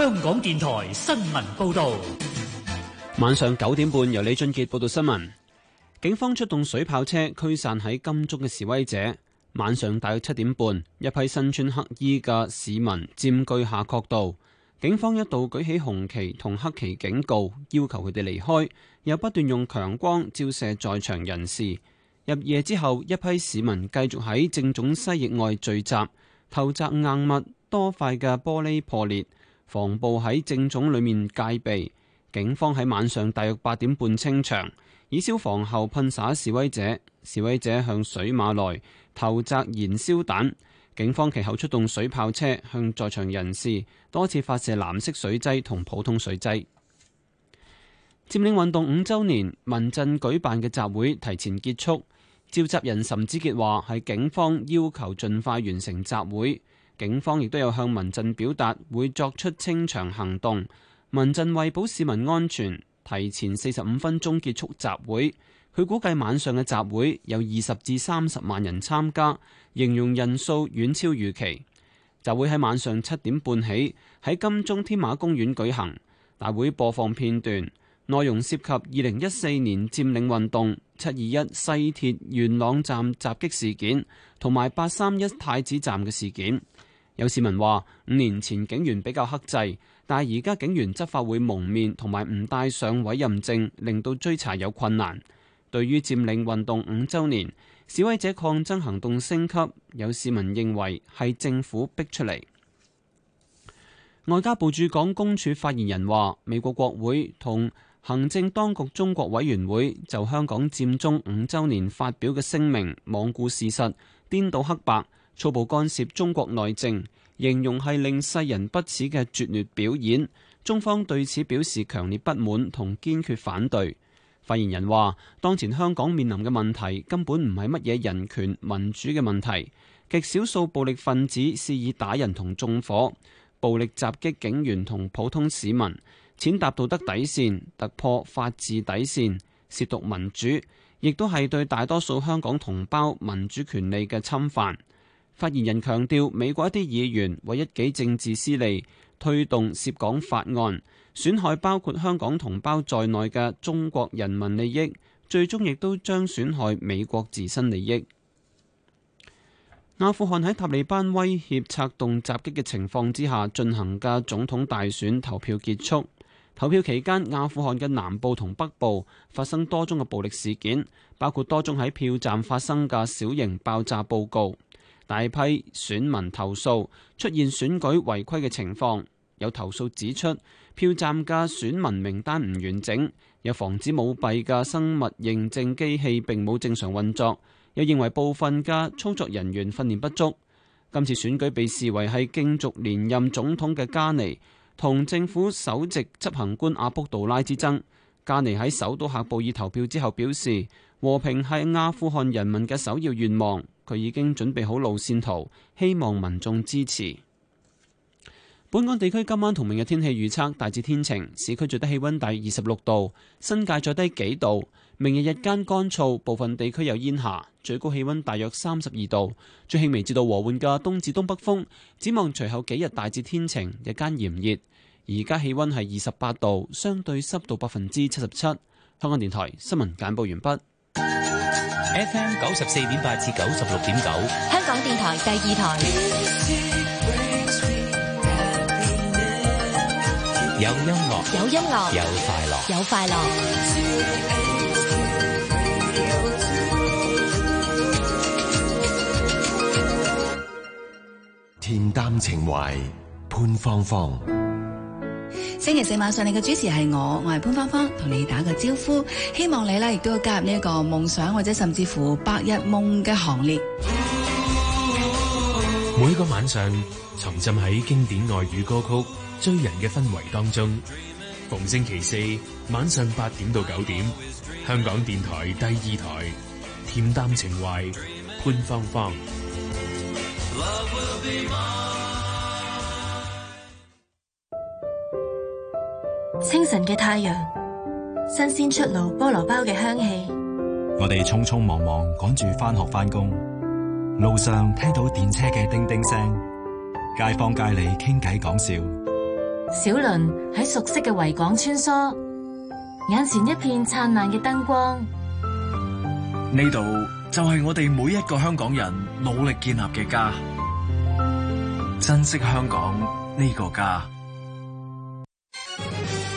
香港電台新聞報道，晚上九點半，由李俊杰報道新聞。警方出動水炮車驅散喺金鐘嘅示威者。晚上大約七點半，一批身穿黑衣嘅市民佔據下角道，警方一度舉起紅旗同黑旗警告，要求佢哋離開，又不斷用強光照射在場人士。入夜之後，一批市民繼續喺正總西翼外聚集，投擲硬物，多塊嘅玻璃破裂。防暴喺政總裏面戒備，警方喺晚上大約八點半清場，以消防喉噴灑示威者，示威者向水馬內投擲燃燒彈，警方其後出動水炮車向在場人士多次發射藍色水劑同普通水劑。佔領運動五週年民陣舉辦嘅集會提前結束，召集人岑子傑話：係警方要求盡快完成集會。警方亦都有向民陣表達會作出清場行動。民陣為保市民安全，提前四十五分鐘結束集會。佢估計晚上嘅集會有二十至三十萬人參加，形容人數遠超預期。集會喺晚上七點半起喺金鐘添馬公園舉行。大會播放片段，內容涉及二零一四年佔領運動、七二一西鐵元朗站襲擊事件同埋八三一太子站嘅事件。有市民話五年前警員比較克制，但係而家警員執法會蒙面同埋唔帶上委任證，令到追查有困難。對於佔領運動五周年，示威者抗爭行動升級，有市民認為係政府逼出嚟。外交部駐港公署發言人話，美國國會同行政當局中國委員會就香港佔中五周年發表嘅聲明罔顧事實，顛倒黑白。粗暴干涉中國內政，形容係令世人不齒嘅拙劣表演。中方對此表示強烈不滿同堅決反對。發言人話，當前香港面臨嘅問題根本唔係乜嘢人權民主嘅問題，極少數暴力分子肆意打人同縱火、暴力襲擊警員同普通市民，踐踏道德底線，突破法治底線，褻瀆民主，亦都係對大多數香港同胞民主權利嘅侵犯。發言人強調，美國一啲議員為一己政治私利推動涉港法案，損害包括香港同胞在內嘅中國人民利益，最終亦都將損害美國自身利益。阿富汗喺塔利班威脅策動襲擊嘅情況之下進行嘅總統大選投票結束。投票期間，阿富汗嘅南部同北部發生多宗嘅暴力事件，包括多宗喺票站發生嘅小型爆炸報告。大批選民投訴出現選舉違規嘅情況，有投訴指出票站嘅選民名單唔完整，有防止舞弊嘅生物認證機器並冇正常運作，又認為部分嘅操作人員訓練不足。今次選舉被視為係競逐連任總統嘅加尼同政府首席執行官阿卜杜拉之爭。加尼喺首都喀布爾投票之後表示：和平係阿富汗人民嘅首要願望。佢已經準備好路線圖，希望民眾支持。本港地區今晚同明日天氣預測大致天晴，市區最低氣温大約二十六度，新界再低幾度。明日日間乾燥，部分地區有煙霞，最高氣温大約三十二度，最輕微至到和緩嘅東至東北風。展望隨後幾日大致天晴，日間炎熱。而家氣温係二十八度，相對濕度百分之七十七。香港電台新聞簡報完畢。FM 九十四點八至九十六點九，香港電台第二台，有音樂，有音樂，有快樂，有快樂，恬淡情懷，潘芳芳。星期四晚上，你嘅主持係我，我係潘芳芳，同你打個招呼，希望你咧亦都要加入呢一個夢想或者甚至乎白日夢嘅行列。每一個晚上沉浸喺經典外語歌曲追人嘅氛圍當中。逢星期四晚上八點到九點，香港電台第二台，恬淡情懷，潘芳芳。清晨嘅太陽，新鮮出爐菠蘿包嘅香氣。我哋匆匆忙忙趕住返學返工，路上聽到電車嘅叮叮聲，街坊街里傾偈講笑。小輪喺熟悉嘅維港穿梭，眼前一片燦爛嘅燈光。呢度就係我哋每一個香港人努力建立嘅家，珍惜香港呢個家。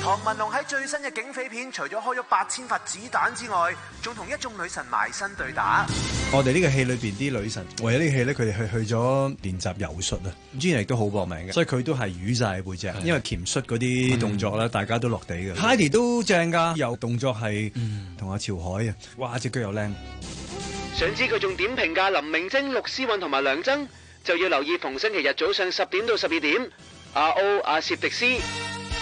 唐文龍喺最新嘅警匪片，除咗開咗八千發子彈之外，仲同一眾女神埋身對打。我哋呢個戲裏邊啲女神，為咗呢個戲咧，佢哋去去咗練習柔術啊，專業亦都好搏命嘅，mm hmm. 所以佢都係瘀晒背脊，mm hmm. 因為潛術嗰啲動作咧，大家都落地嘅。Hidy 都正噶，有動作係同阿潮海啊，mm hmm. 哇，隻腳又靚。想知佢仲點評價林明晶、陸思韻同埋梁錚，就要留意逢星期日早上十點到十二點，阿歐阿，阿涉迪斯。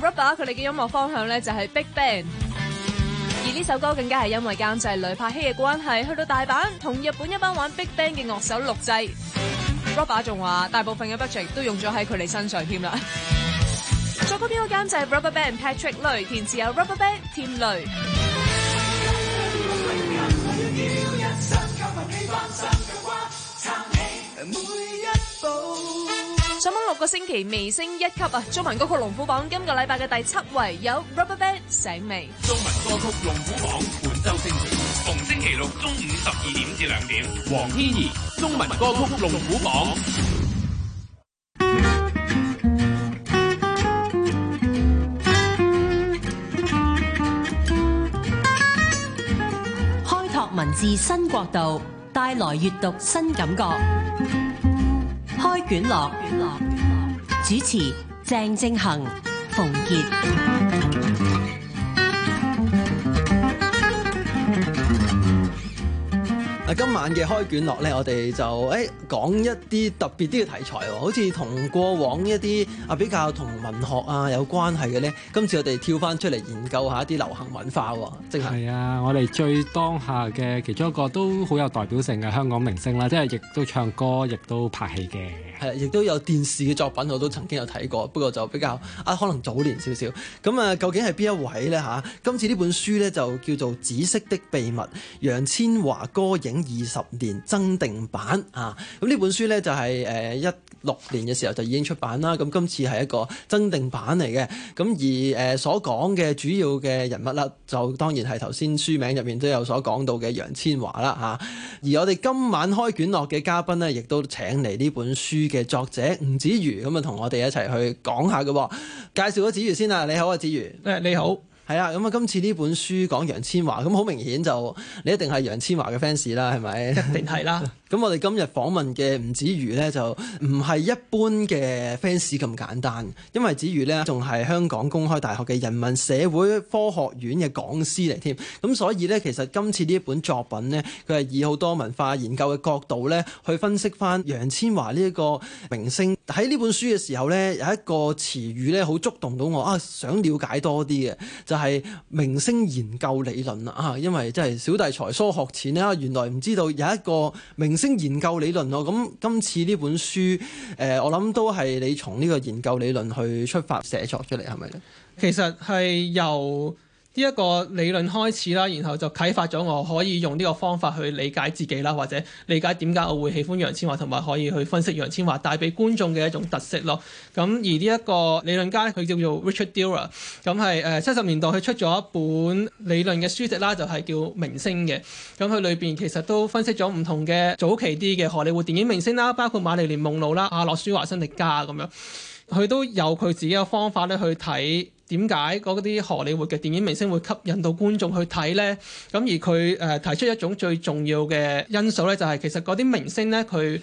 Rubber 佢哋嘅音樂方向咧就係 Big Band，而呢首歌更加係因為監製雷柏希嘅關係，去到大阪同日本一班玩 Big Band 嘅樂手錄製。Rubber 仲話大部分嘅 budget 都用咗喺佢哋身上添啦。作 曲邊個監製？Rubber Band Patrick 雷，填詞有 Rubber Band 添雷。個星期未升一級啊！中文歌曲龍虎榜今個禮拜嘅第七位有 Rubberband 醒未。中文歌曲龍虎榜本周星期逢星期六中午十二點至兩點。黃天怡。中文歌曲龍虎榜。開拓文字新角度，帶來閱讀新感覺。開卷樂。主持鄭政恆、馮杰。今晚嘅開卷樂咧，我哋就誒、欸、講一啲特別啲嘅題材喎、哦，好似同過往一啲啊比較同文學啊有關係嘅咧。今次我哋跳翻出嚟研究一下一啲流行文化、哦，即係係啊！我哋最當下嘅其中一個都好有代表性嘅香港明星啦，即係亦都唱歌，亦都拍戲嘅。係、啊，亦都有電視嘅作品，我都曾經有睇過，不過就比較啊，可能早年少少。咁啊，究竟係邊一位呢？嚇、啊，今次呢本書呢，就叫做《紫色的秘密》，楊千嬅歌影，二十年增訂版啊！咁呢本書呢、就是，就係誒一六年嘅時候就已經出版啦。咁今次係一個增訂版嚟嘅。咁而誒、呃、所講嘅主要嘅人物啦、啊，就當然係頭先書名入面都有所講到嘅楊千嬅啦吓、啊。而我哋今晚開卷樂嘅嘉賓呢，亦都請嚟呢本書嘅作者吳子瑜，咁啊，同我哋一齊去講下嘅。介紹咗子瑜先啊，你好啊子瑜，誒你好。係啊，咁啊，今次呢本書講楊千嬅，咁好明顯就你一定係楊千嬅嘅 fans 啦，係咪？一定係啦。 咁我哋今日訪問嘅吳子瑜呢，就唔係一般嘅 fans 咁簡單，因為子瑜呢，仲係香港公開大學嘅人民社會科學院嘅講師嚟添。咁所以呢，其實今次呢一本作品呢，佢係以好多文化研究嘅角度呢，去分析翻楊千嬅呢一個明星。喺呢本書嘅時候呢，有一個詞語呢，好觸動到我啊，想了解多啲嘅，就係明星研究理論啦啊！因為真係小弟才疏學淺啊，原來唔知道有一個明星研究理論咯，咁今次呢本書，誒、呃、我諗都係你從呢個研究理論去出發寫作出嚟，係咪咧？其實係由。呢一個理論開始啦，然後就啟發咗我可以用呢個方法去理解自己啦，或者理解點解我會喜歡楊千嬅，同埋可以去分析楊千嬅帶俾觀眾嘅一種特色咯。咁而呢一個理論家佢叫做 Richard Dyer，咁係誒七十年代佢出咗一本理論嘅書籍啦，就係叫明星嘅。咁佢裏邊其實都分析咗唔同嘅早期啲嘅荷里活電影明星啦，包括馬麗蓮夢露啦、阿諾舒華、辛力加咁樣，佢都有佢自己嘅方法咧去睇。點解嗰啲荷里活嘅電影明星會吸引到觀眾去睇呢？噉而佢誒提出一種最重要嘅因素呢，就係其實嗰啲明星呢，佢，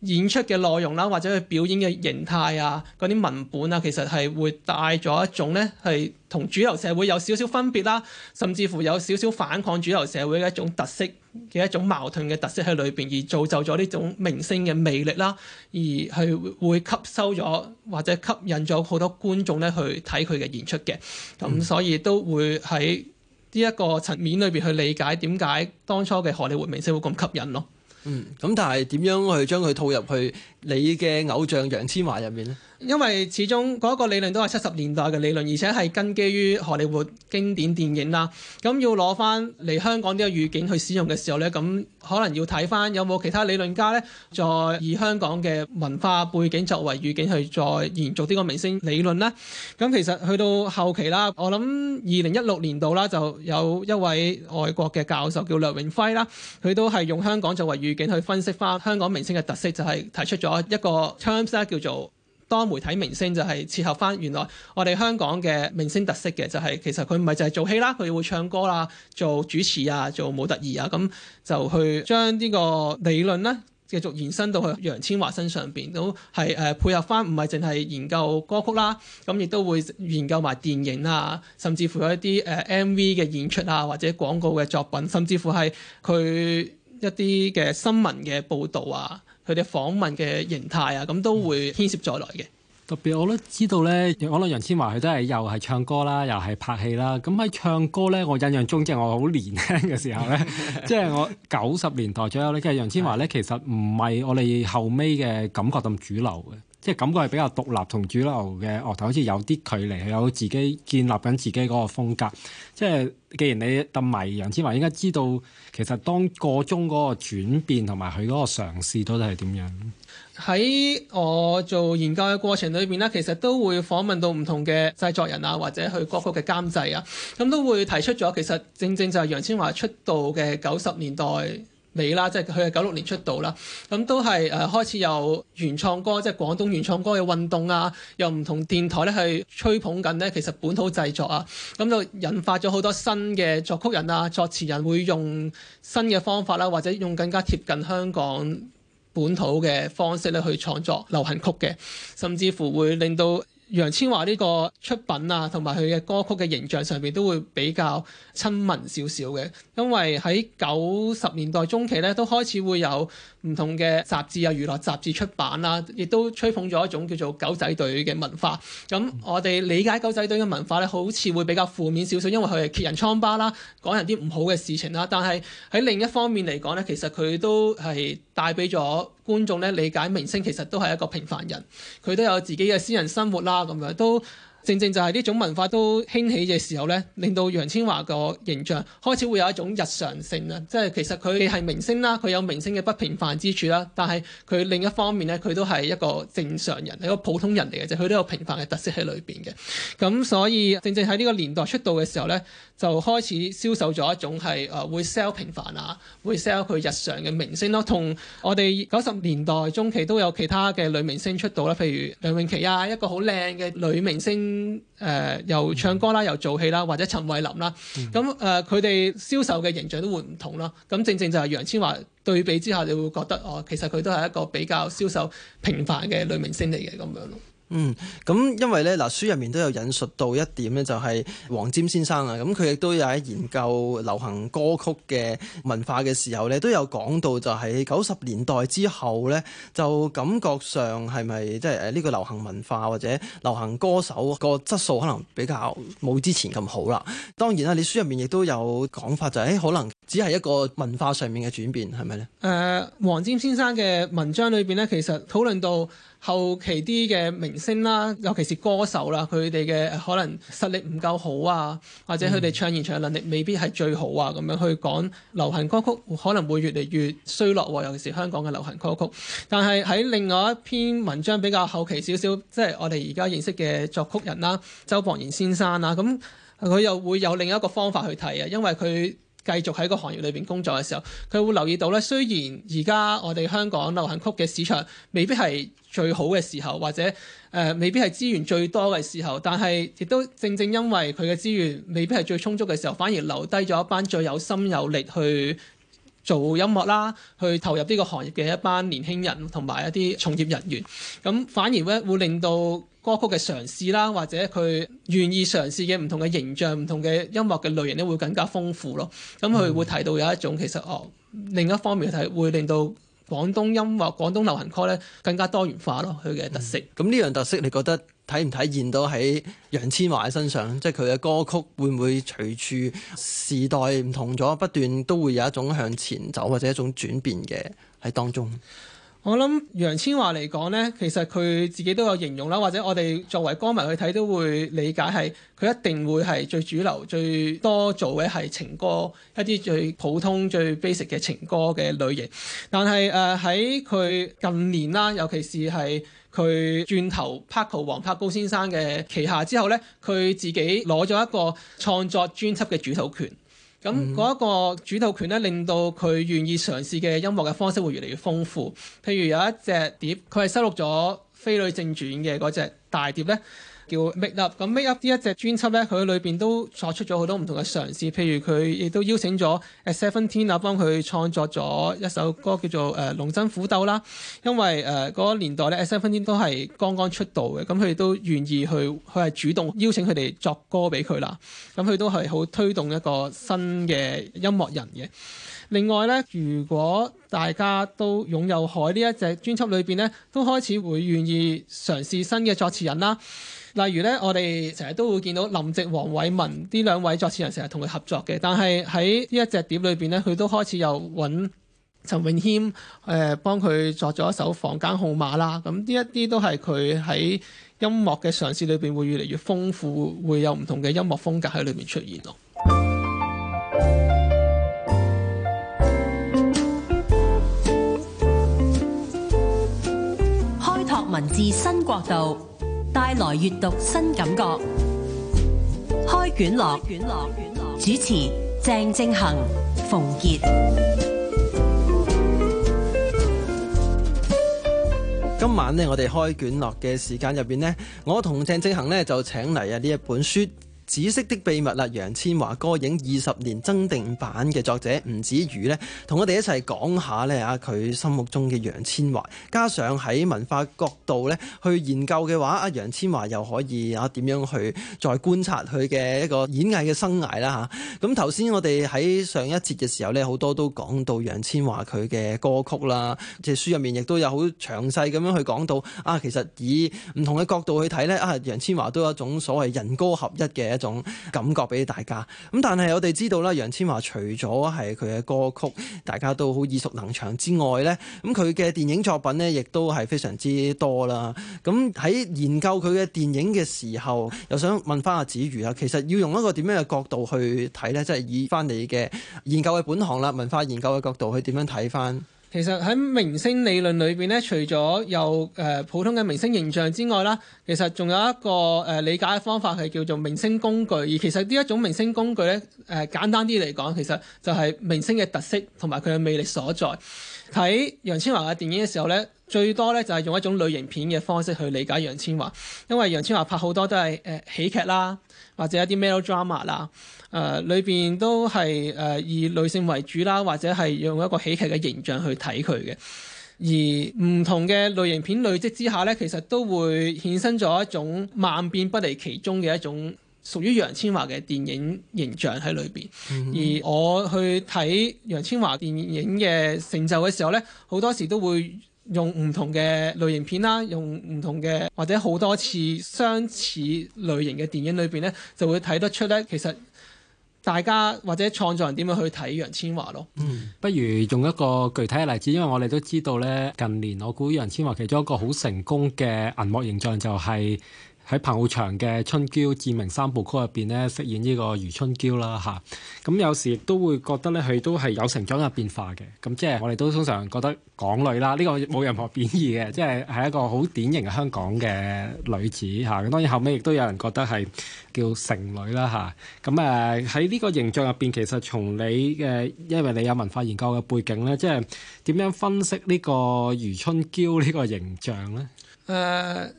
演出嘅內容啦，或者佢表演嘅形態啊，嗰啲文本啊，其實係會帶咗一種咧，係同主流社會有少少分別啦，甚至乎有少少反抗主流社會嘅一種特色嘅一種矛盾嘅特色喺裏邊，而造就咗呢種明星嘅魅力啦，而係會吸收咗或者吸引咗好多觀眾咧去睇佢嘅演出嘅。咁、嗯嗯、所以都會喺呢一個層面裏邊去理解點解當初嘅荷里活明星會咁吸引咯。嗯，咁但係點樣去將佢套入去你嘅偶像楊千嬅入面呢？因為始終嗰個理論都係七十年代嘅理論，而且係根基於荷里活經典電影啦。咁要攞翻嚟香港呢個語境去使用嘅時候呢，咁可能要睇翻有冇其他理論家呢，再以香港嘅文化背景作為語境去再延續呢個明星理論呢。咁其實去到後期啦，我諗二零一六年度啦，就有一位外國嘅教授叫梁永輝啦，佢都係用香港作為語境去分析翻香港明星嘅特色，就係、是、提出咗一個 term 咧叫做。多媒體明星就係切合翻原來我哋香港嘅明星特色嘅，就係其實佢唔係淨係做戲啦，佢會唱歌啦、做主持啊、做模特兒啊，咁就去將呢個理論咧繼續延伸到去楊千嬅身上邊，都係誒配合翻，唔係淨係研究歌曲啦，咁亦都會研究埋電影啊，甚至乎有一啲誒 MV 嘅演出啊，或者廣告嘅作品，甚至乎係佢一啲嘅新聞嘅報導啊。佢哋訪問嘅形態啊，咁都會牽涉在內嘅。特別我都知道咧，可能楊千嬅佢都係又係唱歌啦，又係拍戲啦。咁喺唱歌咧，我印象中即係我好年輕嘅時候咧，即係 我九十年代左右咧，即係楊千嬅咧，其實唔係我哋後尾嘅感覺咁主流嘅。即係感覺係比較獨立同主流嘅樂壇，好似有啲距離，係有自己建立緊自己嗰個風格。即係既然你咁迷楊千嬅，應該知道其實當個中嗰個轉變同埋佢嗰個嘗試到底係點樣？喺我做研究嘅過程裏面咧，其實都會訪問到唔同嘅製作人啊，或者佢歌曲嘅監製啊，咁都會提出咗。其實正正就係楊千嬅出道嘅九十年代。美啦，即係佢係九六年出道啦，咁都係誒、呃、開始有原創歌，即係廣東原創歌嘅運動啊，又唔同電台咧去吹捧緊呢，其實本土製作啊，咁就引發咗好多新嘅作曲人啊、作詞人會用新嘅方法啦、啊，或者用更加貼近香港本土嘅方式咧去創作流行曲嘅，甚至乎會令到。楊千嬅呢個出品啊，同埋佢嘅歌曲嘅形象上面都會比較親民少少嘅，因為喺九十年代中期咧，都開始會有唔同嘅雜誌啊、娛樂雜誌出版啦、啊，亦都吹捧咗一種叫做狗仔隊嘅文化。咁我哋理解狗仔隊嘅文化咧，好似會比較負面少少，因為佢係揭人瘡疤啦，講人啲唔好嘅事情啦。但係喺另一方面嚟講咧，其實佢都係。帶俾咗觀眾咧，理解明星其實都係一個平凡人，佢都有自己嘅私人生活啦，咁樣都。正正就係呢種文化都興起嘅時候呢令到楊千嬅個形象開始會有一種日常性啊！即係其實佢係明星啦，佢有明星嘅不平凡之處啦，但係佢另一方面呢，佢都係一個正常人，係一個普通人嚟嘅，就佢都有平凡嘅特色喺裏邊嘅。咁所以正正喺呢個年代出道嘅時候呢，就開始銷售咗一種係誒會 sell 平凡啊，會 sell 佢日常嘅明星咯。同我哋九十年代中期都有其他嘅女明星出道啦，譬如梁詠琪啊，一個好靚嘅女明星。嗯，誒、呃，又唱歌啦，又做戲啦，或者陳慧琳啦，咁誒、嗯，佢哋、呃、銷售嘅形象都會唔同啦。咁正正就係楊千嬅對比之下，你會覺得哦，其實佢都係一個比較銷售平凡嘅女明星嚟嘅咁樣咯。嗯，咁因為咧，嗱書入面都有引述到一點咧，就係、是、黃霑先生啊，咁佢亦都有喺研究流行歌曲嘅文化嘅時候咧，都有講到就係九十年代之後咧，就感覺上係咪即係誒呢個流行文化或者流行歌手個質素可能比較冇之前咁好啦。當然啦，你書入面亦都有講法、就是，就、哎、係可能只係一個文化上面嘅轉變，係咪咧？誒、呃，黃霑先生嘅文章裏邊咧，其實討論到。後期啲嘅明星啦，尤其是歌手啦，佢哋嘅可能實力唔夠好啊，或者佢哋唱現場嘅能力未必係最好啊，咁樣去講流行歌曲可能會越嚟越衰落喎。尤其是香港嘅流行歌曲。但係喺另外一篇文章比較後期少少，即係我哋而家認識嘅作曲人啦，周博賢先生啦，咁佢又會有另一個方法去睇啊，因為佢。繼續喺個行業裏邊工作嘅時候，佢會留意到咧。雖然而家我哋香港流行曲嘅市場未必係最好嘅時候，或者誒、呃、未必係資源最多嘅時候，但係亦都正正因為佢嘅資源未必係最充足嘅時候，反而留低咗一班最有心有力去做音樂啦，去投入呢個行業嘅一班年輕人同埋一啲從業人員，咁反而咧會令到。歌曲嘅嘗試啦，或者佢願意嘗試嘅唔同嘅形象、唔同嘅音樂嘅類型咧，會更加豐富咯。咁佢會提到有一種、嗯、其實哦，另一方面睇會,會令到廣東音樂、廣東流行曲咧更加多元化咯，佢嘅特色。咁呢、嗯、樣特色，你覺得體唔體,體現到喺楊千嬅嘅身上？即係佢嘅歌曲會唔會隨住時代唔同咗，不斷都會有一種向前走或者一種轉變嘅喺當中。我諗楊千嬅嚟講呢，其實佢自己都有形容啦，或者我哋作為歌迷去睇都會理解係佢一定會係最主流、最多做嘅係情歌，一啲最普通、最 basic 嘅情歌嘅類型。但係誒喺佢近年啦，尤其是係佢轉投 Paco 黃柏高先生嘅旗下之後呢，佢自己攞咗一個創作專輯嘅主導權。咁嗰一個主導權咧，令到佢願意嘗試嘅音樂嘅方式會越嚟越豐富。譬如有一隻碟，佢係收錄咗飛女正傳嘅嗰隻大碟咧。叫 make up，咁 make up 呢一隻專輯呢，佢裏邊都作出咗好多唔同嘅嘗試。譬如佢亦都邀請咗 seventeen 啊，幫佢創作咗一首歌叫做誒龍爭虎鬥啦。因為誒嗰個年代呢 seventeen 都係剛剛出道嘅，咁佢亦都願意去，佢係主動邀請佢哋作歌俾佢啦。咁佢都係好推動一個新嘅音樂人嘅。另外呢，如果大家都擁有海呢一隻專輯裏邊呢，都開始會願意嘗試新嘅作詞人啦。例如咧，我哋成日都會見到林夕、黃偉文呢兩位作詞人成日同佢合作嘅，但係喺呢一隻碟裏邊咧，佢都開始又揾陳永謙誒幫佢作咗一首《房間號碼》啦。咁呢一啲都係佢喺音樂嘅嘗試裏邊會越嚟越豐富，會有唔同嘅音樂風格喺裏面出現咯。開拓文字新國度。帶來閱讀新感覺，開卷樂主持鄭政恆、馮杰。今晚呢，我哋開卷樂嘅時間入邊呢，我同鄭政恆呢就請嚟啊呢一本書。《紫色的秘密啦，楊千嬅歌影二十年增訂版》嘅作者吳子雨咧，同我哋一齊講下咧啊佢心目中嘅楊千嬅加上喺文化角度咧去研究嘅話，阿楊千嬅又可以啊點樣去再觀察佢嘅一個演藝嘅生涯啦吓。咁頭先我哋喺上一節嘅時候咧，好多都講到楊千嬅佢嘅歌曲啦，即係書入面亦都有好詳細咁樣去講到啊。其實以唔同嘅角度去睇咧，啊楊千嬅都有一種所謂人歌合一嘅。一種感覺俾大家咁，但係我哋知道啦，楊千嬅除咗係佢嘅歌曲，大家都好耳熟能詳之外呢，咁佢嘅電影作品呢，亦都係非常之多啦。咁喺研究佢嘅電影嘅時候，又想問翻阿子瑜啊，其實要用一個點樣嘅角度去睇呢？即係以翻你嘅研究嘅本行啦，文化研究嘅角度去點樣睇翻？其實喺明星理論裏邊咧，除咗有誒、呃、普通嘅明星形象之外啦，其實仲有一個誒、呃、理解嘅方法係叫做明星工具。而其實呢一種明星工具咧，誒、呃、簡單啲嚟講，其實就係明星嘅特色同埋佢嘅魅力所在。睇楊千嬅嘅電影嘅時候咧，最多咧就係用一種類型片嘅方式去理解楊千嬅，因為楊千嬅拍好多都係誒、呃、喜劇啦，或者一啲 melodrama 啦。誒，裏邊都係誒、呃、以女性為主啦，或者係用一個喜劇嘅形象去睇佢嘅。而唔同嘅類型片累積之下呢，其實都會衍生咗一種萬變不離其宗嘅一種屬於楊千嬅嘅電影形象喺裏邊。嗯、哼而我去睇楊千嬅電影嘅成就嘅時候呢，好多時都會用唔同嘅類型片啦，用唔同嘅或者好多次相似類型嘅電影裏邊呢，就會睇得出呢其實。大家或者創作人點樣去睇楊千嬅咯？嗯、不如用一個具體嘅例子，因為我哋都知道咧，近年我估楊千嬅其中一個好成功嘅銀幕形象就係、是，喺彭浩翔嘅《春嬌志明三部曲》入邊咧，飾演呢個余春嬌啦吓。咁有時亦都會覺得咧，佢都係有成長嘅變化嘅。咁即係我哋都通常覺得港女啦，呢、呢個冇任何貶義嘅，即係係一個好典型嘅香港嘅女子嚇。咁、啊、當然後尾亦都有人覺得係叫城女啦吓，咁誒喺呢個形象入邊，其實從你嘅因為你有文化研究嘅背景咧，即係點樣分析呢個余春嬌呢個形象咧？誒、uh。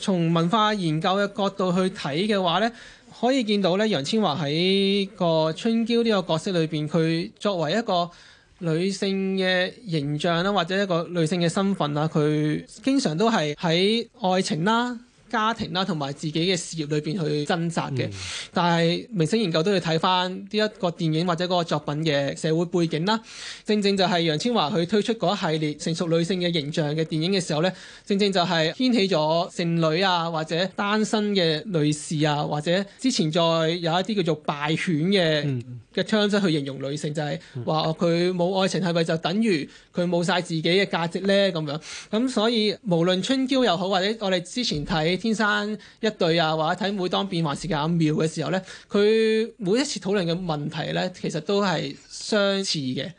從文化研究嘅角度去睇嘅話呢，可以見到咧，楊千嬅喺個春嬌呢個角色裏邊，佢作為一個女性嘅形象啦，或者一個女性嘅身份啦，佢經常都係喺愛情啦。家庭啦，同埋自己嘅事業裏邊去掙扎嘅。嗯、但係明星研究都要睇翻呢一個電影或者嗰個作品嘅社會背景啦。正正就係楊千嬅，佢推出嗰一系列成熟女性嘅形象嘅電影嘅時候咧，正正就係掀起咗剩女啊，或者單身嘅女士啊，或者之前再有一啲叫做敗犬嘅嘅 terms 去形容女性，就係話佢冇愛情係咪就等於佢冇晒自己嘅價值咧咁樣，咁所以無論春嬌又好，或者我哋之前睇。天生一對啊，或者睇每當變幻時間咁妙嘅時候咧，佢每一次討論嘅問題咧，其實都係相似嘅。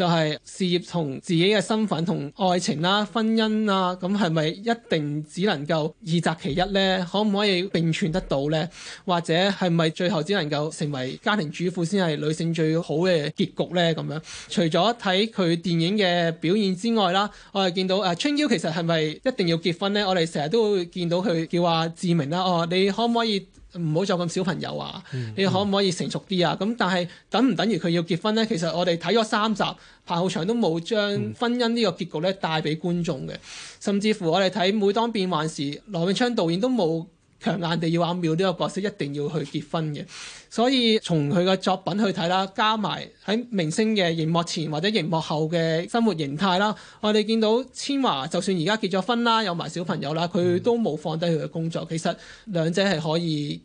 就係事業同自己嘅身份同愛情啦、啊、婚姻啊，咁係咪一定只能夠二擇其一呢？可唔可以並存得到呢？或者係咪最後只能夠成為家庭主婦先係女性最好嘅結局呢？咁樣除咗睇佢電影嘅表現之外啦，我哋見到誒春嬌其實係咪一定要結婚呢？我哋成日都會見到佢叫阿志明啦、啊，哦，你可唔可以？唔好做咁小朋友啊！嗯、你可唔可以成熟啲啊？咁、嗯、但係等唔等於佢要結婚呢？其實我哋睇咗三集彭浩翔都冇將婚姻呢個結局咧帶俾觀眾嘅，甚至乎我哋睇每當變幻時，羅永昌導演都冇。強硬地要阿妙呢個角色一定要去結婚嘅，所以從佢嘅作品去睇啦，加埋喺明星嘅熒幕前或者熒幕後嘅生活形態啦，我哋見到千嬅就算而家結咗婚啦，有埋小朋友啦，佢都冇放低佢嘅工作，其實兩者係可以。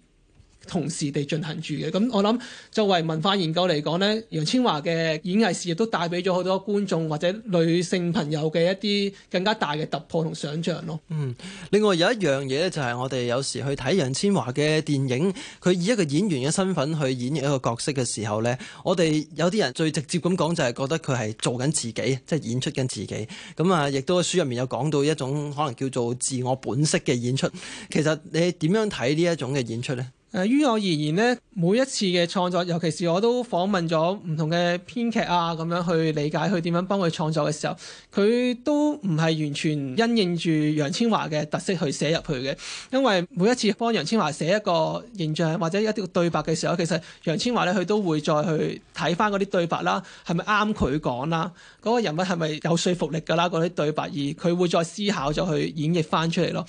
同時地進行住嘅，咁我諗作為文化研究嚟講呢，楊千嬅嘅演藝事業都帶俾咗好多觀眾或者女性朋友嘅一啲更加大嘅突破同想像咯。嗯，另外有一樣嘢咧，就係我哋有時去睇楊千嬅嘅電影，佢以一個演員嘅身份去演一個角色嘅時候呢，我哋有啲人最直接咁講就係覺得佢係做緊自己，即係演出緊自己。咁啊，亦都書入面有講到一種可能叫做自我本色嘅演出。其實你點樣睇呢一種嘅演出呢？誒於我而言咧，每一次嘅創作，尤其是我都訪問咗唔同嘅編劇啊，咁樣去理解佢點樣幫佢創作嘅時候，佢都唔係完全因應住楊千嬅嘅特色去寫入去嘅，因為每一次幫楊千嬅寫一個形象或者一啲對白嘅時候，其實楊千嬅咧佢都會再去睇翻嗰啲對白啦，係咪啱佢講啦？嗰個人物係咪有說服力㗎啦？嗰啲對白而佢會再思考再去演繹翻出嚟咯。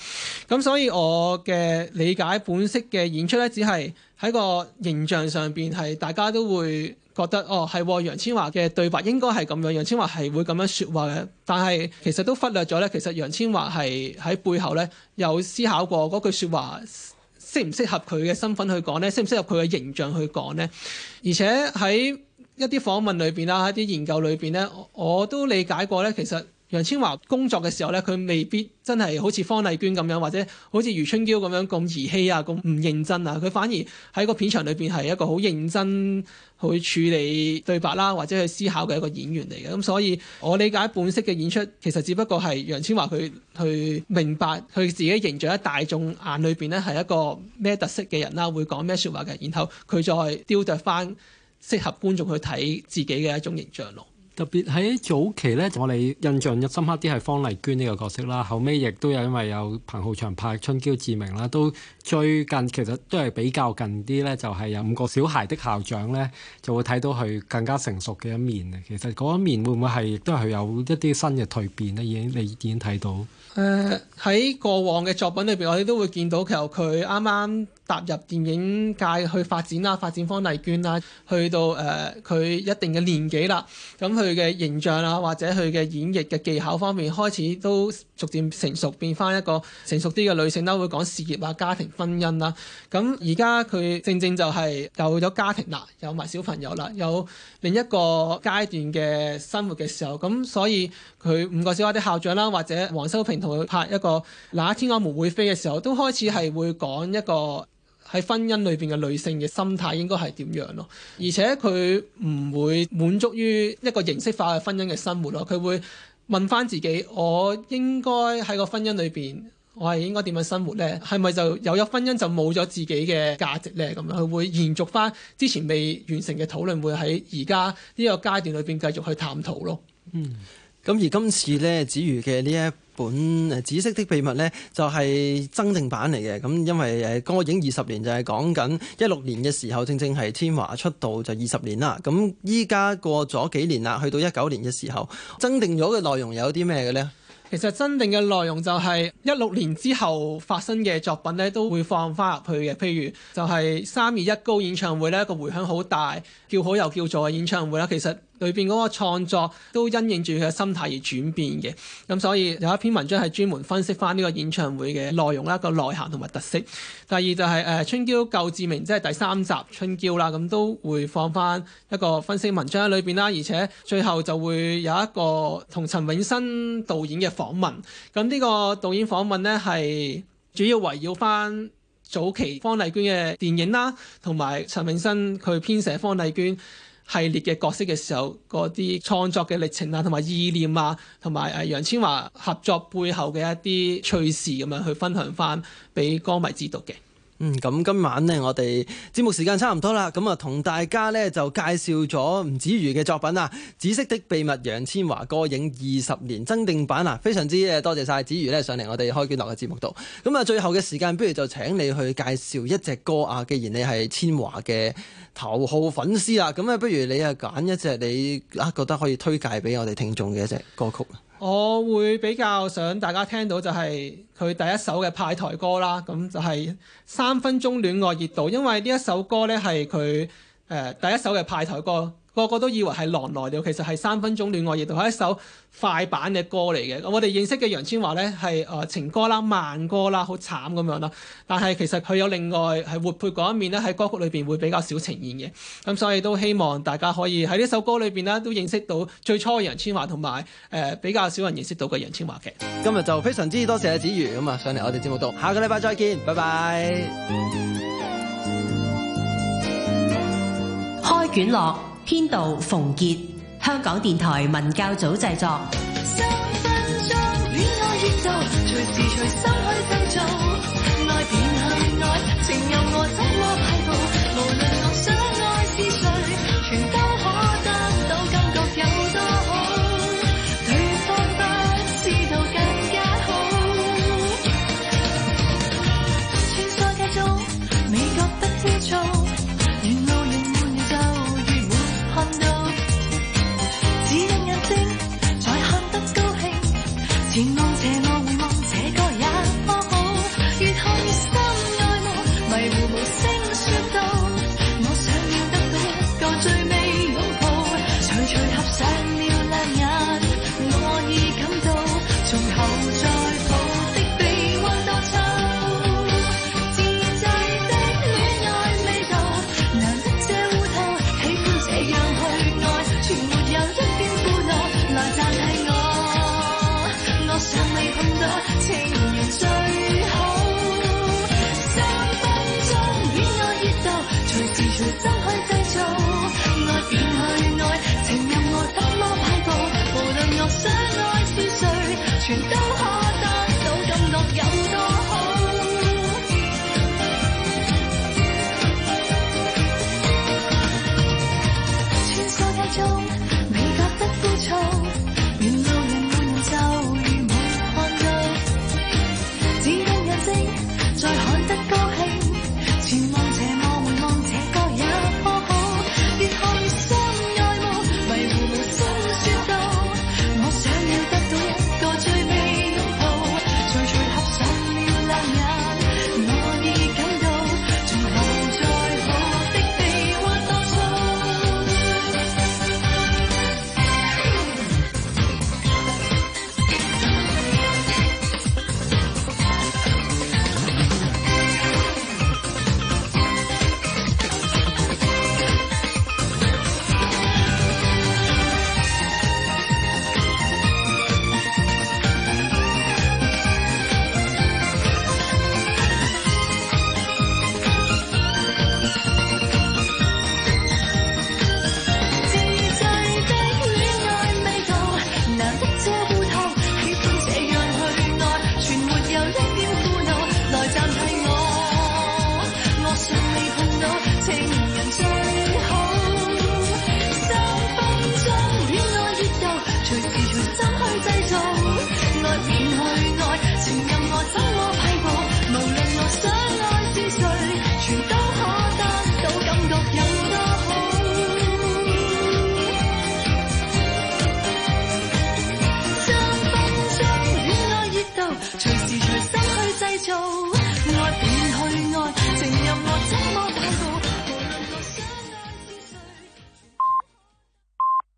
咁所以我嘅理解本色嘅演出咧。只係喺個形象上邊，係大家都會覺得哦，係、啊、楊千嬅嘅對白應該係咁樣，楊千嬅係會咁樣説話嘅。但係其實都忽略咗咧，其實楊千嬅係喺背後咧有思考過嗰句説話適唔適合佢嘅身份去講咧，適唔適合佢嘅形象去講咧。而且喺一啲訪問裏邊啊，一啲研究裏邊咧，我都理解過咧，其實。楊千嬅工作嘅時候咧，佢未必真係好似方麗娟咁樣，或者好似余春嬌咁樣咁兒戲啊，咁唔認真啊。佢反而喺個片場裏邊係一個好認真去處理對白啦，或者去思考嘅一個演員嚟嘅。咁所以我理解本色嘅演出其實只不過係楊千嬅佢去明白佢自己形象喺大眾眼裏邊咧係一個咩特色嘅人啦，會講咩説話嘅，然後佢再雕琢翻適合觀眾去睇自己嘅一種形象咯。特別喺早期咧，我哋印象嘅深刻啲係方麗娟呢個角色啦。後尾亦都有因為有彭浩翔拍《春嬌志明》啦，都最近其實都係比較近啲咧，就係、是、有五個小孩的校長咧，就會睇到佢更加成熟嘅一面啊。其實嗰一面會唔會係亦都係有一啲新嘅蛻變咧？已經你已經睇到誒喺、uh, 過往嘅作品裏邊，我哋都會見到，其實佢啱啱踏入電影界去發展啦，發展方麗娟啦，去到誒佢、呃、一定嘅年紀啦，咁佢嘅形象啦，或者佢嘅演繹嘅技巧方面開始都逐漸成熟，變翻一個成熟啲嘅女性啦，會講事業啊、家庭、婚姻啦。咁而家佢正正就係有咗家庭啦，有埋小朋友啦，有另一個階段嘅生活嘅時候，咁所以佢五個小孩的校長啦，或者黃修平同佢拍一個《哪一天我們會飛》嘅時候，都開始係會講一個喺婚姻裏邊嘅女性嘅心態應該係點樣咯？而且佢唔會滿足於一個形式化嘅婚姻嘅生活咯。佢會問翻自己：「我應該喺個婚姻裏邊，我係應該點樣生活呢？係咪就有咗婚姻就冇咗自己嘅價值呢？」咁樣佢會延續翻之前未完成嘅討論，會喺而家呢個階段裏邊繼續去探討咯。嗯。咁而今次呢，子瑜嘅呢一本《紫色的秘密》呢，就係增訂版嚟嘅。咁因為誒，個影二十年就係講緊一六年嘅時候，正正係天華出道就二十年啦。咁依家過咗幾年啦，去到一九年嘅時候，增訂咗嘅內容有啲咩嘅呢？其實增訂嘅內容就係一六年之後發生嘅作品呢都會放翻入去嘅。譬如就係三二一高演唱會呢，一個回響好大，叫好又叫座嘅演唱會啦。其實。裏邊嗰個創作都因應住佢嘅心態而轉變嘅，咁所以有一篇文章係專門分析翻呢個演唱會嘅內容啦，個內涵同埋特色。第二就係、是、誒春嬌救志明，即係第三集春嬌啦，咁都會放翻一個分析文章喺裏邊啦。而且最後就會有一個同陳永生導演嘅訪問。咁呢個導演訪問呢，係主要圍繞翻早期方麗娟嘅電影啦，同埋陳永生佢編寫方麗娟。系列嘅角色嘅時候，嗰啲創作嘅歷程啊，同埋意念啊，同埋誒楊千嬅合作背後嘅一啲趣事咁樣去分享翻俾歌迷知道嘅。嗯，咁今晚呢，我哋節目時間差唔多啦，咁啊，同大家呢就介紹咗吳子瑜嘅作品啦，《紫色的秘密》，楊千嬅歌影二十年增訂版啊，非常之多謝晒子瑜呢上嚟我哋開卷樂嘅節目度。咁啊，最後嘅時間，不如就請你去介紹一隻歌啊。既然你係千嬅嘅頭號粉絲啦，咁啊，不如你啊揀一隻你啊覺得可以推介俾我哋聽眾嘅一隻歌曲。我會比較想大家聽到就係佢第一首嘅派台歌啦，咁就係三分鐘戀愛熱度，因為呢一首歌呢係佢、呃、第一首嘅派台歌。個個都以為係狼來了，其實係三分鐘戀愛，亦都係一首快板嘅歌嚟嘅。我哋認識嘅楊千嬅呢，係誒情歌啦、慢歌啦，好慘咁樣啦。但係其實佢有另外係活潑嗰一面咧，喺歌曲裏邊會比較少呈現嘅。咁所以都希望大家可以喺呢首歌裏邊呢，都認識到最初嘅楊千嬅同埋誒比較少人認識到嘅楊千嬅嘅。今日就非常之多謝阿子瑜咁啊上嚟我哋節目到下個禮拜再見，拜拜。開卷樂。編導馮杰，香港電臺文教組製作。